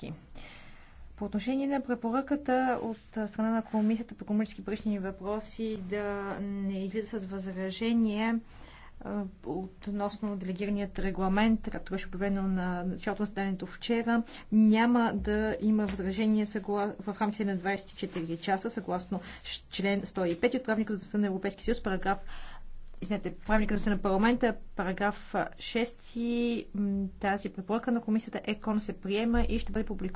всички. По отношение на препоръката от страна на Комисията по економически парични въпроси да не излиза с възражение относно делегираният регламент, както беше обявено на началото на заданието вчера, няма да има възражение съгла... в рамките на 24 часа, съгласно член 105 от правника за на Европейския съюз, параграф Извинете, правилника на парламента, параграф 6, тази препоръка на комисията ЕКОН се приема и ще бъде публикувана